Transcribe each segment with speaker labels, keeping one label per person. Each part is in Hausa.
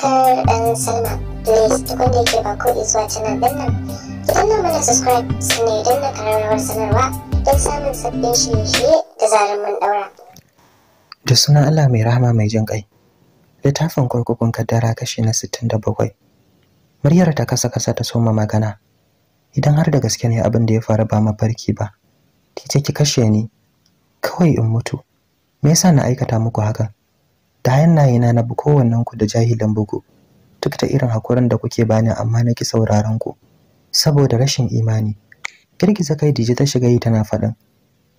Speaker 1: subscribe and sign up. Please tukun da yake ba ko zuwa canal din nan. Ki danna mana subscribe sannan ya danna kararrawar sanarwa don samun sabbin shirye-shirye da zarar mun daura. Da sunan Allah mai rahama mai jin ƙai. Littafin kurkukun kaddara kashi na 67. Muryar ta kasa kasa ta soma magana. Idan har da gaske ne abin da ya faru ba mafarki ba. Ki ce ki kashe ni. Kawai in mutu. Me yasa na aikata muku hakan? da hannayena na bi kowannen ku da jahilan bugu duk da irin hakurin da kuke bani amma na ki sauraron ku saboda rashin imani girgiza kai dije ta shiga yi tana faɗin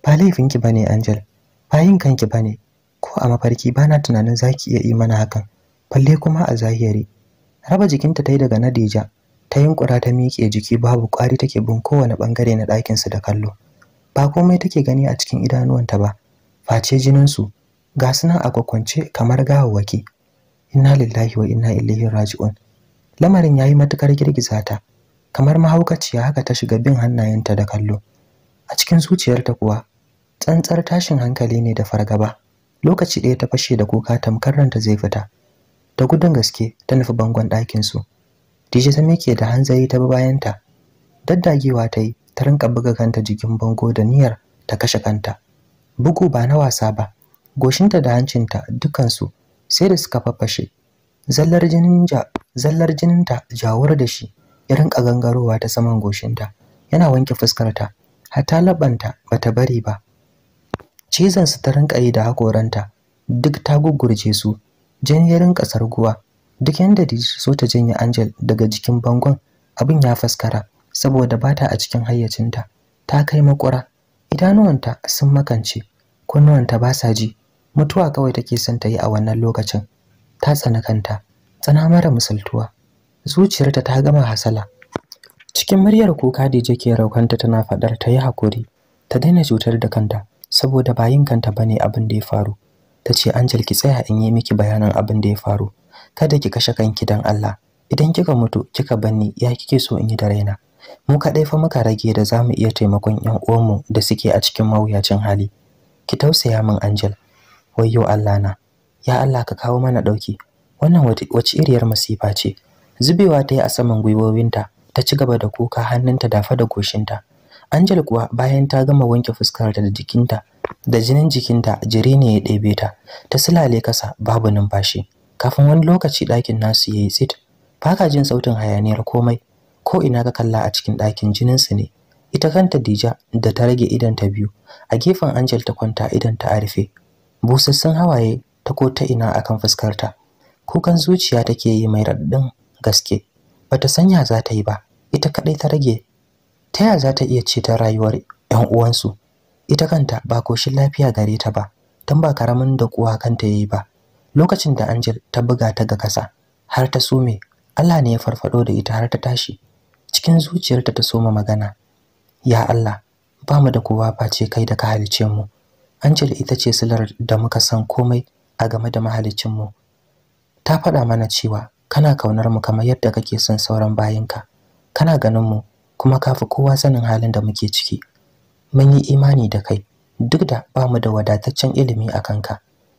Speaker 1: ba laifin ki bane angel ba yin kanki bane ko a mafarki bana tunanin zaki iya yi mana hakan balle kuma a zahiri raba jikinta ta yi daga nadija ta yunkura ta miƙe jiki babu ƙwari take bin kowane ɓangare na ɗakinsu da kallo ba komai take gani a cikin idanuwanta ba face jininsu ga su nan a kwakwance kamar gawawwaki inna lillahi wa inna ilaihi raji'un lamarin yayi matukar girgiza ta kamar mahaukaciya haka ta shiga bin hannayenta da kallo a cikin zuciyarta kuwa tsantsar tashin hankali ne da fargaba lokaci ɗaya ta fashe da kuka tamkar ranta zai fita da gudun gaske ta nufi bangon ɗakin su dije ta da hanzari ta bi bayanta daddagewa ta yi ta rinka buga kanta jikin bango da niyyar ta kashe kanta bugu ba na wasa ba goshinta da hancinta dukansu sai da suka fafashe. zallar jinin ja zallar jininta jawur da shi ya rinka gangarowa ta saman goshinta yana wanke fuskarta ta labanta bata bari ba cizon su ta rinka yi da hakoranta duk ta gugurje su jini ya rinka sarguwa duk yanda da so ta janye Angel daga jikin bangon abin ya faskara saboda bata a cikin hayyacinta ta kai makura idanuwanta sun makance kunnuwanta ba sa ji mutuwa kawai take son ta yi a wannan lokacin ta tsana kanta tsana mara misaltuwa zuciyarta ta gama hasala cikin muryar kuka da ke raukanta tana faɗar ta yi hakuri ta daina cutar da kanta saboda bayin kanta bane abin da ya faru ta ce Angel ki tsaya in yi miki bayanan abin da ya faru kada ki kashe kanki dan Allah idan kika mutu kika banni ya kike so in yi da raina mu kaɗai fa muka rage da zamu iya taimakon 'yan uwanmu da suke a cikin mawuyacin hali ki tausaya min Angel wayyo Allah na ya Allah ka kawo mana dauki wannan wace iriyar masifa ce zubewa ta yi a saman gwiwowinta ta ci gaba da kuka hannunta dafa da goshinta Angel kuwa bayan ta gama wanke fuskar ta da jikinta da jinin jikinta jiri ne ya ɗebe ta ta silale kasa babu numfashi kafin wani lokaci ɗakin nasu yayi tsit baka jin sautin hayaniyar komai ko ina ka kalla a cikin ɗakin jinin su ne ita kanta Dija da ta rage idanta biyu a gefen Angel ta kwanta idanta a rufe busassun hawaye ta ko ta ina akan fuskarta kukan zuciya take yi mai raɗaɗin gaske bata sanya za ta yi ba ita kadai ta rage ta ya za ta iya ceton rayuwar 'yan uwansu ita kanta ba koshin lafiya gare ta ba tun ba karamin da kuwa kanta yayi ba lokacin da Angel ta buga ta ga kasa har ta sume Allah ne ya farfado da ita har ta tashi cikin zuciyarta ta soma magana ya Allah ba mu da kowa face kai da ka halice mu Angel ita ce silar da muka san komai a game da mu Ta faɗa mana cewa kana kaunar mu kamar yadda kake son sauran bayinka. Kana ganin mu kuma kafi kowa sanin halin da muke ciki. Mun yi imani da kai duk da ba mu da wadataccen ilimi a kanka.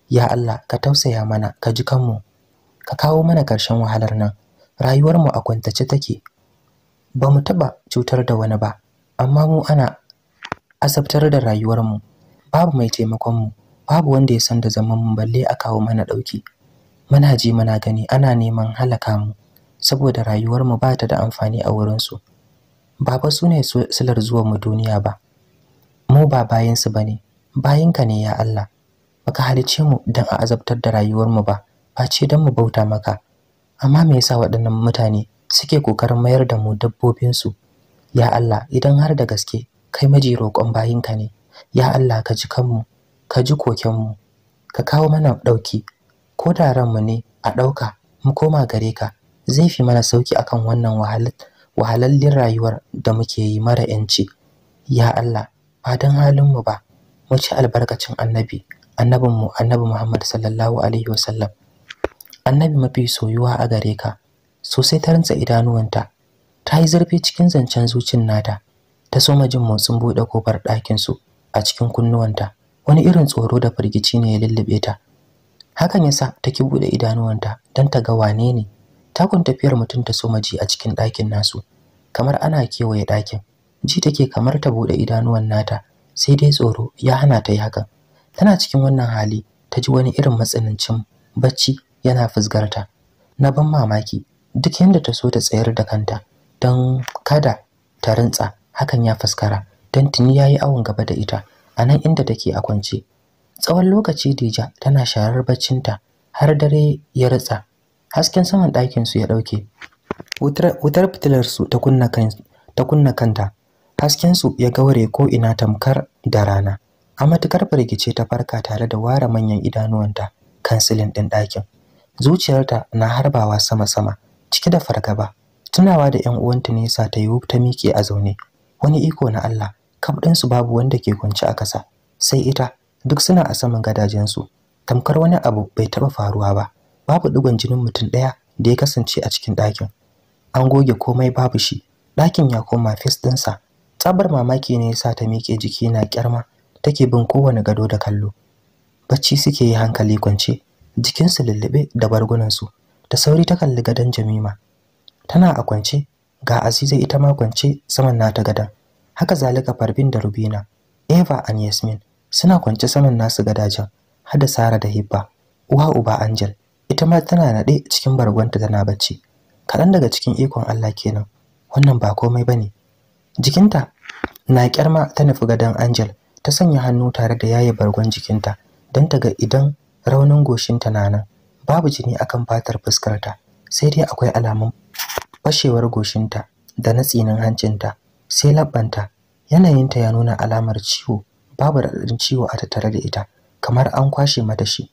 Speaker 1: Ya Allah ka tausaya mana ka ji kanmu. Ka kawo mana ƙarshen wahalar nan. Rayuwarmu a kwantace take. Ba mu taɓa cutar da wani ba, amma mu ana asabtar da rayuwarmu babu mai taimakon mu babu wanda ya san da zaman mu balle a kawo mana dauki muna ji muna gani ana neman halaka mu saboda rayuwar mu bata da amfani a wurin su baba sune silar zuwan mu duniya ba mu ba bayin su bane bayinka ne ya Allah baka halice mu dan a azabtar da rayuwar mu ba ba ce dan mu bauta maka amma me yasa waɗannan mutane suke kokarin mayar da mu dabbobin su ya Allah idan har da gaske kai maji roƙon bayinka ne ya Allah ka ji kanmu ka ji kokenmu ka kawo mana ɗauki ko da ranmu ne a ɗauka mu koma gare ka zai fi mana sauki akan wannan wahalallin rayuwar da muke yi mara yanci ya Allah ba don mu ba mu ci albarkacin annabi annabinmu annabi Muhammad sallallahu alaihi wasallam annabi mafi soyuwa a gare ka sosai ta rantsa idanuwanta ta yi zurfi cikin zancen zuciyar nata ta soma jin motsin buɗe kofar ɗakinsu a cikin kunnuwanta wani irin tsoro da firgici ne ya lullube ta hakan yasa ki bude idanuwanta don ta ga wane ne takun tafiyar mutum ta so ji a cikin ɗakin nasu kamar ana kewaye ɗakin ji take kamar ta bude idanuwan nata sai dai tsoro ya hana ta yi hakan tana cikin wannan hali ta ji wani irin matsanancin bacci yana fusgarta na ban mamaki duk yadda ta so ta tsayar da kanta don kada ta rintsa hakan ya fuskara don tuni ya yi awon gaba da ita a nan inda take a kwance tsawon lokaci dija tana sharar baccinta har dare ya ritsa hasken saman ɗakinsu ya ɗauke wutar fitilarsu ta kunna kanta haskensu ya gaure ko ina tamkar da rana a matukar firgice ta farka tare da ware manyan idanuwanta kansilin ɗin ɗakin zuciyarta na harbawa sama-sama cike da fargaba tunawa da 'yan uwanta nesa ta yiwu ta miƙe a zaune wani iko na Allah kam su babu wanda ke kwance a kasa, sai ita duk suna a saman gadajensu tamkar wani abu bai taɓa faruwa ba babu ɗigon jinin mutum ɗaya da ya kasance a cikin ɗakin an goge komai babu shi ɗakin ya koma fes ɗinsa tsabar mamaki ne ya sa ta miƙe jiki na ƙyarma take bin kowane gado da kallo bacci suke yi hankali kwance jikinsu lullube da bargunansu da sauri ta kalli gadon jamima tana a kwance ga aziza ita ma kwance saman nata gadon haka zalika Farbin da Rubina, Eva and Yasmin suna kwance saman nasu gadajen, har da Sara da Hibba, uwa uba Angel, ita ma tana naɗe cikin bargonta tana bacci. Kaɗan daga cikin ikon Allah kenan, wannan ba komai bane. Jikinta na ma ta nufi gadon Angel, ta sanya hannu tare da yaye bargon jikinta don ta ga idan raunin goshinta na nan, babu jini akan fatar fuskarta, sai dai akwai alamun fashewar goshinta da na tsinin hancinta. sai labbanta yanayinta ya nuna alamar ciwo babu raɗaɗin ciwo a tattare da ita kamar an kwashe mata shi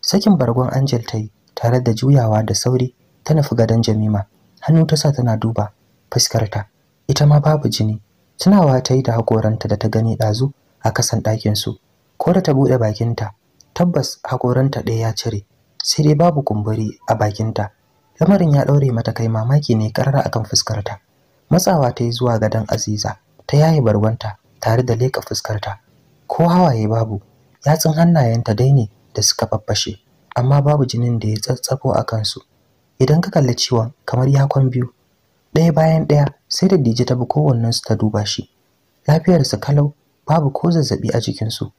Speaker 1: sakin bargon angel ta yi tare da juyawa da sauri ta nufi gadon jamima hannu ta sa tana duba fuskarta ita ma babu jini tunawa ta yi da hakoranta da ta gani ɗazu a kasan su ko da ta buɗe bakinta tabbas hakoranta ɗaya ya cire sai dai babu kumburi a bakinta lamarin ya ɗaure mata kai mamaki ne karara akan fuskarta matsawa ta yi zuwa gadon aziza ta yaye barwanta tare da leka fuskarta ko hawaye babu yatsun hannayenta dai ne da suka faffashe amma babu jinin da ya tsatsafo a kansu idan ka kalli ciwon kamar yakon biyu ɗaya bayan ɗaya sai da dije ta bi kowannensu ta duba shi lafiyarsa kalau babu ko zazzaɓi a jikinsu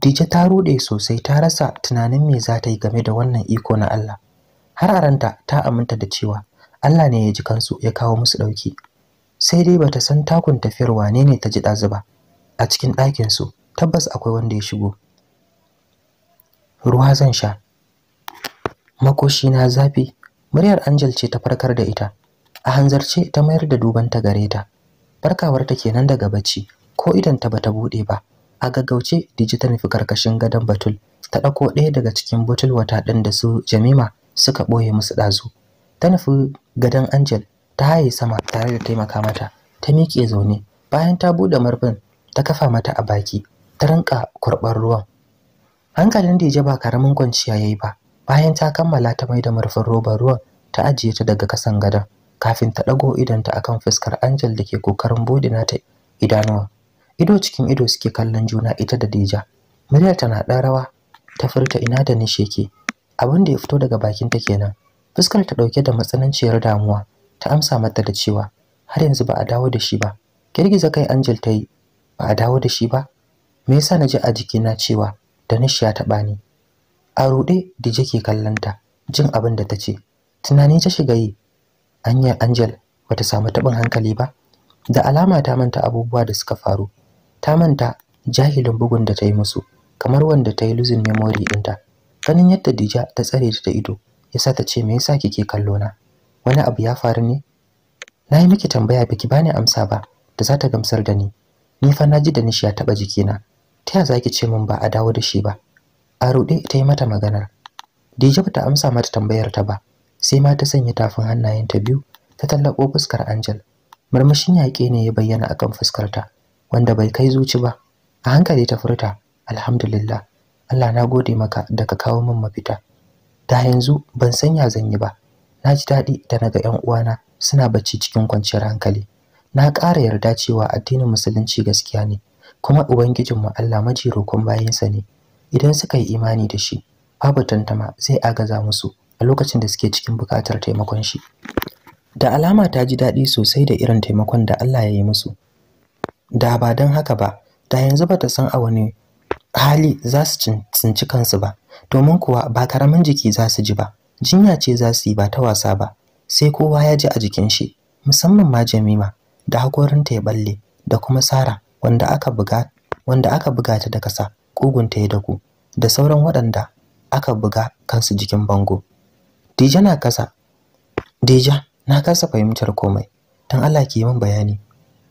Speaker 1: dije ta ruɗe sosai ta rasa tunanin me za ta yi game da wannan iko na allah har aranta ta aminta da cewa Allah ne ya ji kansu ya kawo musu ɗauki sai dai bata san takun tafiyar wane ne ta ji ɗazu ba a cikin ɗakin su tabbas akwai wanda ya shigo ruwa zan sha makoshi na zafi muryar Angel ce ta farkar da ita a hanzarce ta mayar da duban ta gare ta farkawar ta kenan daga bacci ko idan ta bata buɗe ba a gaggauce digital nufi karkashin gadon batul ta ɗauko ɗaya daga cikin batul wata ɗin da su jamima suka ɓoye musu ɗazu ta nufi gadon Angel ta haye sama tare da taimaka mata ta miƙe zaune bayan ta buɗe murfin ta kafa mata a baki ta rinka kurɓar ruwan hankalin ji ba karamin kwanciya ya yi ba bayan ta kammala ta mai da murfin robar ruwan ta ajiye ta daga kasan gadon kafin ta ɗago idonta akan fuskar Angel da ke kokarin bude nata idanuwa ido cikin ido suke kallon juna ita da Deja Muryarta tana na ɗan rawa ta furta ina da nishe ke abin da ya fito daga bakinta kenan fuskar ta dauke da matsananciyar damuwa ta amsa mata da cewa har yanzu ba a dawo da shi ba girgiza kai Angel ta yi ba a dawo da shi ba me yasa na ji a jikina cewa Danish ya taɓa ni a ruɗe Dije ke kallanta jin abin da ta ce tunani ta shiga yi anya Angel bata samu taɓin hankali ba da alama ta manta abubuwa da suka faru ta manta jahilin bugun da ta yi musu kamar wanda ta yi losing memory ɗinta ganin yadda Dija ta tsare ta da ido yasa ta ce me yasa kike kallo na wani abu ya faru ne na yi miki tambaya biki bani amsa ba da za ta gamsar da ni ni fa naji da nishi ya taba jikina ta ya zaki ce min ba a dawo da shi ba a rude ita yi mata maganar Dija ta amsa mata tambayar ta ba sai ma ta sanya tafin hannayen ta biyu ta tallako fuskar Angel murmushin yaƙe ne ya bayyana akan fuskar ta wanda bai kai zuci ba a hankali ta furta alhamdulillah Allah na gode maka da ka kawo min mafita da yanzu ban san ya zan yi ba na ji daɗi da na ga 'yan uwana suna bacci cikin kwanciyar hankali na ƙara yarda cewa addinin musulunci gaskiya ne kuma ubangijinmu Allah maji bayansa ne idan suka yi imani da shi babu tantama zai agaza musu a lokacin da suke cikin buƙatar taimakon shi da alama ta ji daɗi sosai da irin taimakon da Allah ya yi musu da ba don haka ba da yanzu ba ta san a wani hali za su tsinci kansu ba domin kuwa ba karamin jiki za su ji ba jinya ce za su yi ba ta wasa ba sai kowa ya ji a jikin shi musamman ma jamima da hakorinta ya balle da kuma sara wanda aka buga ta da kasa kugunta ya daku da sauran waɗanda aka buga kansu jikin bango dija na kasa dija na kasa fahimtar komai don Allah ki yi min bayani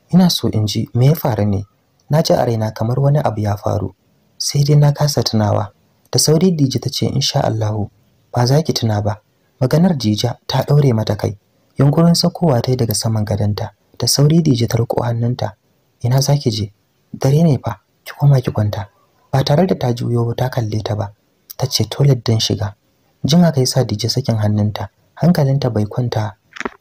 Speaker 1: ina so in ji me ya faru ne na ji a raina kamar wani abu ya faru sai dai na kasa tunawa da sauri dije ta ce insha Allahu ba za ki tuna ba maganar jija ta daure mata kai yunkurin sakowa ta daga saman gadanta da sauri dije ta riko hannunta ina zaki je dare ne fa ki koma ki kwanta ba tare da ta juyo ba ta kalle ta ba ta ce toilet din shiga jin haka yasa dije sakin hannunta hankalinta bai kwanta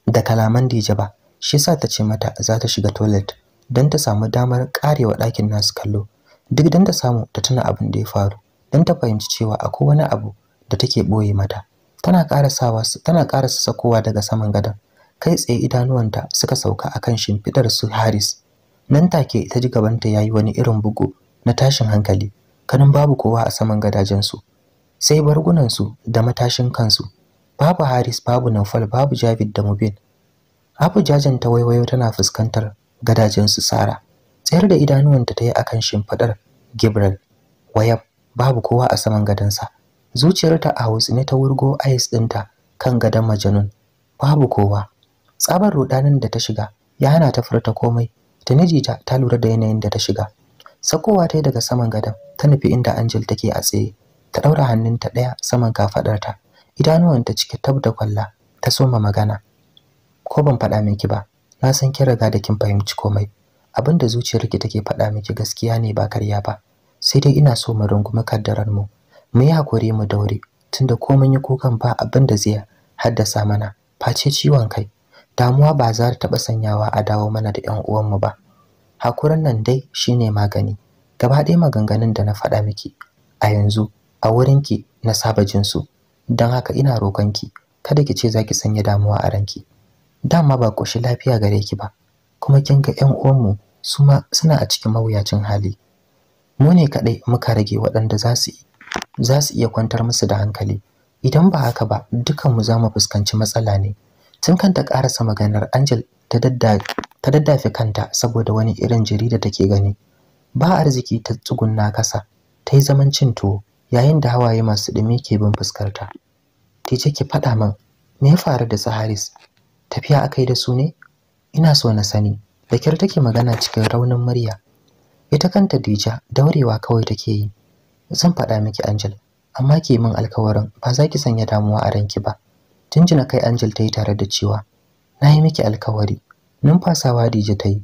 Speaker 1: da kalaman dije ba shi yasa ta ce mata za ta shiga toilet don ta samu damar karewa ɗakin nasu kallo duk dan ta samu ta tuna abin da ya faru don ta fahimci cewa akwai wani abu da take ɓoye mata tana karasawa tana karasa sakowa daga saman gadon kai tsaye idanuwanta suka sauka akan shimfidar su Haris nan take ita ji gabanta yayi wani irin bugu na tashin hankali kanin babu kowa a saman gadajen su sai bargunan su da matashin kansu babu Haris babu Naufal babu Javid da Mubin Abu jajan ta waiwayo tana fuskantar gadajen su Sara tsayar da idanuwanta ta yi akan shimfidar Gabriel wayab babu kowa a saman gadonsa zuciyarta a hautsine ta wurgo ice ɗinta kan gadon majanun babu kowa tsabar rudanin da ta shiga ya hana ta furta komai ta niji ta lura da yanayin da ta shiga sakowa ta daga saman gadon ta nufi inda angel take a tsaye ta ɗaura hannunta ɗaya saman kafaɗarta idanuwanta cike tab da kwalla ta soma magana ko ban faɗa miki ba na san kin riga da kin fahimci komai Abinda da zuciyarki take faɗa miki gaskiya ne ba karya ba sai dai ina so mu rungumi kaddarar mu mu yi hakuri mu daure tunda ko mun yi kukan ba abin da zai haddasa mana face ciwon kai damuwa ba za ta taɓa sanyawa a dawo mana da 'yan uwanmu ba hakurin nan dai shine magani gaba ɗaya maganganun da na faɗa miki a yanzu a wurin ki na saba jin su don haka ina roƙonki kada ki ce za ki sanya damuwa a ranki dama ba ƙoshi lafiya gare ki ba kuma kin ga 'yan uwanmu su suna a cikin mawuyacin hali mu ne kaɗai muka rage waɗanda za su iya kwantar musu da hankali idan ba haka ba dukanmu za mu fuskanci matsala ne tun kan ta ƙarasa maganar angel ta daddafe kanta saboda wani irin jiri da take gani ba arziki ta tsugunna kasa ta yi zaman cin tuwo yayin da hawaye masu ɗumi ke bin fuskarta ki ce ki faɗa min me ya faru da su tafiya aka yi da su ne ina so na sani da kyar take magana cikin raunin murya ita kanta Dija daurewa kawai take yi zan faɗa miki Angel amma ki min alkawarin ba za ki sanya damuwa a ranki ba tunjina kai Angel ta yi tare da cewa na yi miki alkawari numfasawa Dija ta yi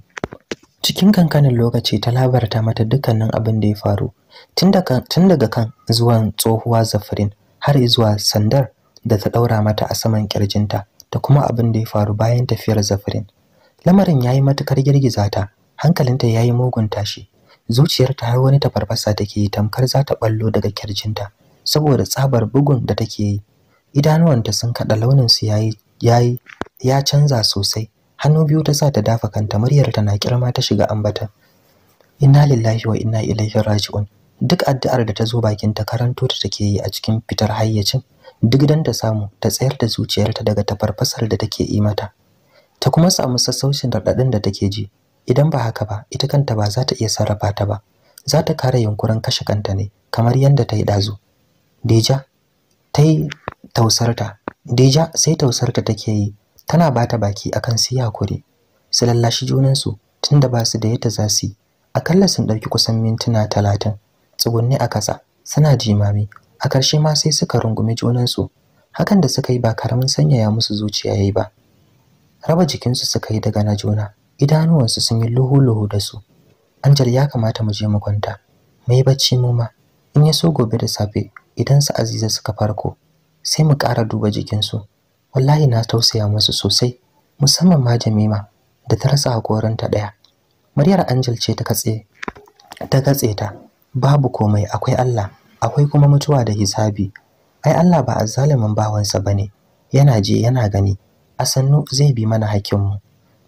Speaker 1: cikin kankanin lokaci ta labarta mata dukkanin abin da ya faru tun daga kan zuwan tsohuwa zafirin har zuwa sandar da ta ɗaura mata a saman kirjinta da kuma abin da ya faru bayan tafiyar zafirin lamarin ya yi matukar girgiza ta hankalinta ya yi mugun tashi zuciyarta har wani tafarfasa take yi tamkar za ta ballo daga kirjinta saboda tsabar bugun da take yi idanuwanta sun kaɗa launin su yayi yayi ya canza sosai hannu biyu ta sa ta dafa kanta muryar ta na kirma ta shiga ambata inna lillahi wa inna ilaihi raji'un duk addu'ar da ta zo bakin ta karanto ta take yi a cikin fitar hayyacin duk dan ta samu ta tsayar da zuciyarta daga tafarfasar da take yi mata ta kuma samu sassaucin radadin da take ji idan ba haka ba ita kanta ba za ta iya sarrafa ta ba za ta kare yunkurin kashe kanta ne kamar yadda ta yi ɗazu deja ta yi tausarta deja sai tausarta take yi tana ba ta baki akan su hakuri su lallashi junansu tunda ba su da yadda za su yi akalla sun ɗauki kusan mintuna talatin Tsugunni a kasa suna jimami a ƙarshe ma sai suka rungumi junansu hakan da suka yi ba karamin sanyaya musu zuciya yayi ba raba jikinsu suka yi daga na juna idanuwansu sun yi luhu-luhu da su anjal ya kamata mu je mu kwanta mu yi bacci mu ma in ya so gobe da safe idan su aziza suka farko sai mu ƙara duba jikinsu wallahi na tausaya musu sosai musamman ma jamima da ta rasa hakorinta ɗaya muryar anjal ce ta katse ta katse ta babu komai akwai allah akwai kuma mutuwa da hisabi ai allah ba azzalumin bawansa ba ne. yana je yana gani a sannu zai bi mana hakkinmu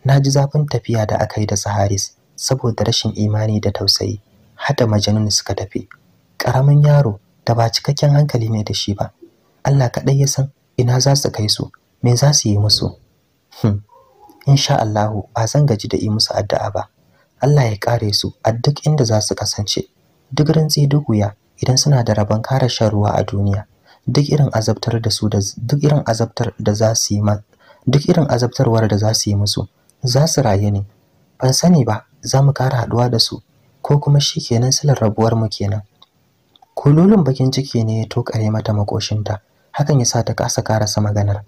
Speaker 1: Na ji zafin tafiya da aka yi da Saharis saboda rashin imani da tausayi. Hada majanun suka tafi. Ƙaramin yaro da ba cikakken hankali ne da shi ba. Allah kaɗai ya san ina za su kai su, me za su yi musu. Hmm. Insha Allahu ba zan gaji da yi musu addu'a ba. Allah ya kare su a duk inda za su kasance. Duk rantsi duk wuya idan suna da rabon kare shan ruwa a duniya. Duk irin azabtar da su duk irin azabtar da za su yi duk irin azabtarwar da za su yi musu. za su rayu ne ban sani ba za mu ƙara haɗuwa da su ko kuma shi kenan silar rabuwar mu kenan kululun bakin ciki ne ya tokare mata makoshinta hakan ya sa ta kasa karasa maganar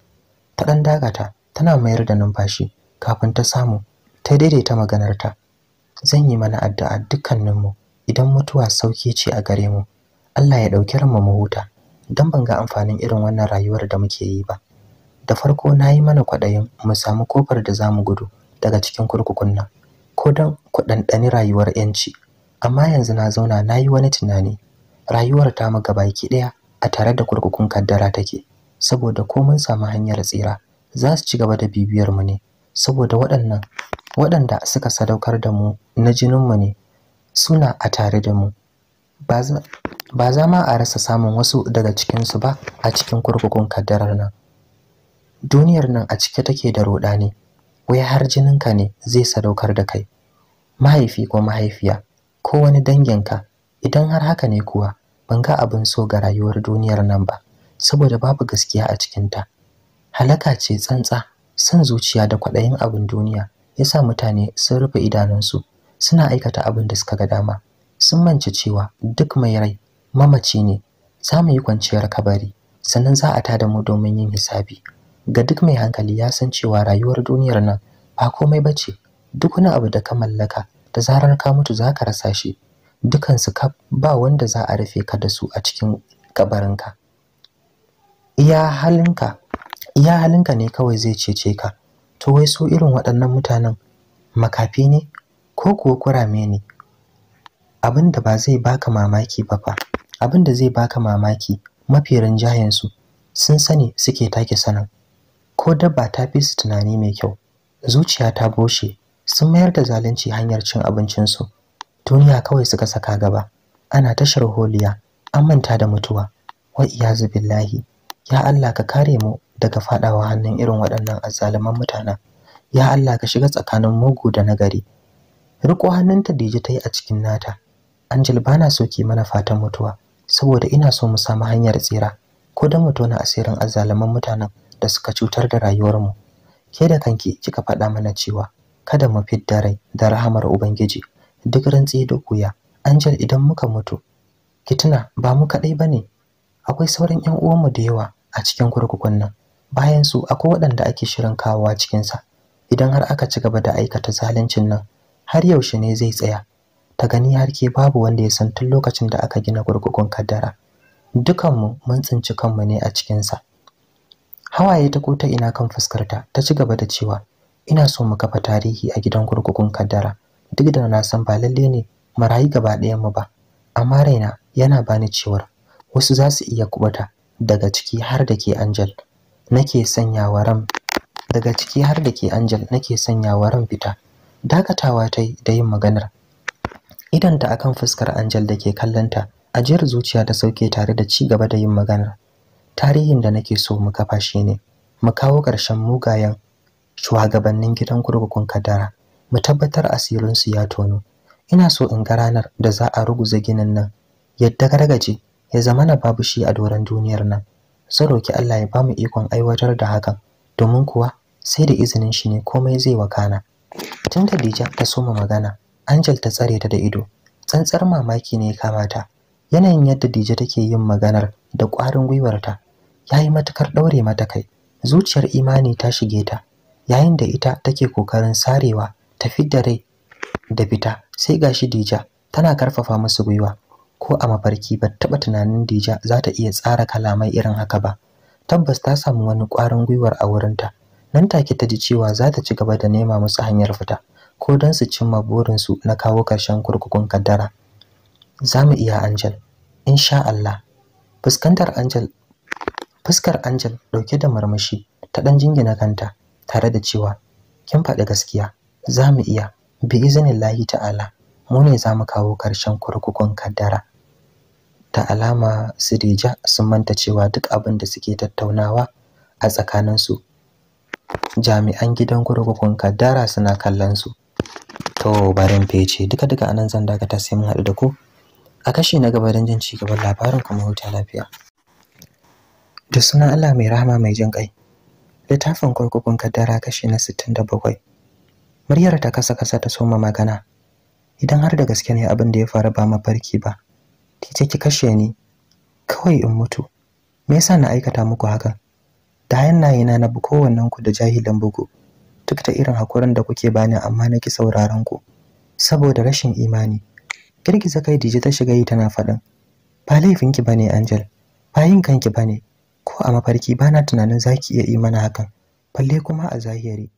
Speaker 1: ta ɗan dagata tana mayar da numfashi kafin ta samu ta daidaita maganarta zan yi mana addu'a dukkaninmu idan mutuwa sauki ce a gare mu Allah ya ɗauki ranmu mu huta don ban ga amfanin irin wannan rayuwar da muke yi ba da farko na yi mana kwaɗayin mu samu kofar da za mu gudu daga cikin kurkukun nan ko don ku ɗanɗani rayuwar yanci amma yanzu na zauna na yi wani tunani rayuwar ta mu baki ɗaya a tare da kurkukun kaddara take saboda ko mun samu hanyar tsira za su ci gaba da bibiyar mu ne saboda waɗannan waɗanda suka sadaukar da mu na jininmu ne suna a tare da mu ba za ma a rasa samun wasu daga cikinsu ba a cikin kurkukun kaddarar nan duniyar nan a cike take da ruɗani wai har jininka ne zai sadaukar da kai mahaifi ko mahaifiya ko wani danginka idan har haka ne kuwa ban ga abin so ga rayuwar duniyar nan ba saboda babu gaskiya a cikinta halaka ce tsantsa son zuciya da kwaɗayin abin duniya ya sa mutane sun rufe idanunsu suna aikata abin da suka ga dama sun manci cewa duk mai rai mamaci ne za mu yi kwanciyar kabari sannan za a tada mu domin yin hisabi ga duk mai hankali ya san cewa rayuwar duniyar nan ba komai ba ce duk wani abu da ka mallaka da zarar ka mutu za ka rasa shi dukansu ka ba wanda za a rufe ka da su a cikin kabarinka iya halinka ne kawai zai cece ka to wai su irin waɗannan mutanen makafi ne ko kuwa kurame ne abin da ba zai baka mamaki ba fa abin da zai baka mamaki mafi rinjayensu sun sani suke take sanin ko dabba ta fi su tunani mai kyau zuciya ta bushe sun mayar da zalunci hanyar cin abincinsu duniya kawai suka saka gaba ana tashar holiya an manta da mutuwa wa iyazu billahi ya Allah ka kare mu daga fadawa hannun irin waɗannan azzaluman mutanen ya Allah ka shiga tsakanin mugu da nagari riko hannunta Dije ta yi a cikin nata Angel bana so ki mana fatan mutuwa saboda ina so mu samu hanyar tsira ko da mutuwa na asirin azzaluman mutanen da suka cutar da rayuwarmu ke da kanki kika faɗa mana cewa kada mu fidda rai da rahamar ubangiji duk rantsi da kuya angel idan muka mutu ki ba mu kaɗai ba ne akwai sauran 'yan uwanmu da yawa a cikin kurkukun nan bayan su akwai waɗanda ake shirin kawowa cikinsa idan har aka ci gaba da aikata zaluncin nan har yaushe ne zai tsaya ta gani har ke babu wanda ya san tun lokacin da aka gina kurkukun kaddara dukanmu mun tsinci kanmu ne a cikinsa hawaye ta kota ina kan fuskarta ta ci gaba da cewa ina so mu kafa tarihi a gidan kurkukun kaddara duk da na san ba lalle ne marayi gaba ɗayan mu ba amma raina yana bani cewar wasu za su iya kuɓata daga ciki har da ke Angel nake sanyawa ran daga ciki har da ke Angel nake sanyawa ran fita dakatawa ta yi da yin maganar ta akan fuskar Angel da ke kallanta ajiyar zuciya ta sauke tare da ci gaba da yin maganar tarihin da nake so mu kafa ne. mu kawo ƙarshen mugayen shugabannin gidan kurkukun kadara mu tabbatar asirin su ya tono ina so in ga ranar da za a ruguza ginin nan yadda gargaje ya zama na babu shi a doron duniyar nan saroki roki Allah ya bamu ikon aiwatar da hakan domin kuwa sai da izinin shi ne komai zai wakana tun da Dija ta soma magana Angel ta tsare ta da ido tsantsar mamaki ne ya kamata yanayin yadda Dija take yin maganar da ƙwarin gwiwarta ya yi matukar ɗaure mata kai zuciyar imani ta shige ta yayin da ita take kokarin sarewa ta fidda rai da fita sai ga shi Dija tana karfafa musu gwiwa ko a mafarki ba taba tunanin Dija za ta iya tsara kalamai irin haka ba tabbas ta samu wani ƙwarin gwiwar a wurinta nan take ta ji cewa za ta ci gaba da nema musu hanyar fita ko don su cimma burinsu na kawo ƙarshen kurkukun kaddara za mu iya Angel insha Allah fuskantar Angel Fuskar Angel ɗauke da marmashi ta ɗan jingina kanta tare da cewa kin faɗi gaskiya za mu iya bi izinin lahi ta'ala mu ne za mu kawo ƙarshen kurkukun kaddara. Ta alama Sirija sun manta cewa duk abin da suke tattaunawa a tsakaninsu jami'an gidan kurkukun kaddara suna kallon su. To barin fece duka duka anan zan dakata sai mun haɗu da ku a kashi na gaba don jin ci gaban labarin kuma huta lafiya. da sunan Allah mai rahama mai jin ƙai littafin kurkukun kaddara kashi na 67 muryar ta kasa kasa ta soma magana idan har da gaske ne abin da ya faru ba mafarki ba tice ki kashe ni kawai in mutu me yasa na aikata muku haka da hannaye na na kowannen ku da jahilan bugu duk da irin hakurin da kuke bani amma na ki sauraron ku saboda rashin imani girgiza kai dije ta shiga yi tana faɗin ba laifin ki bane angel ba yin kanki bane ko a mafarki bana tunanin zaki iya yi mana hakan balle kuma a zahiri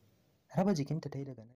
Speaker 1: raba jikinta ta yi daga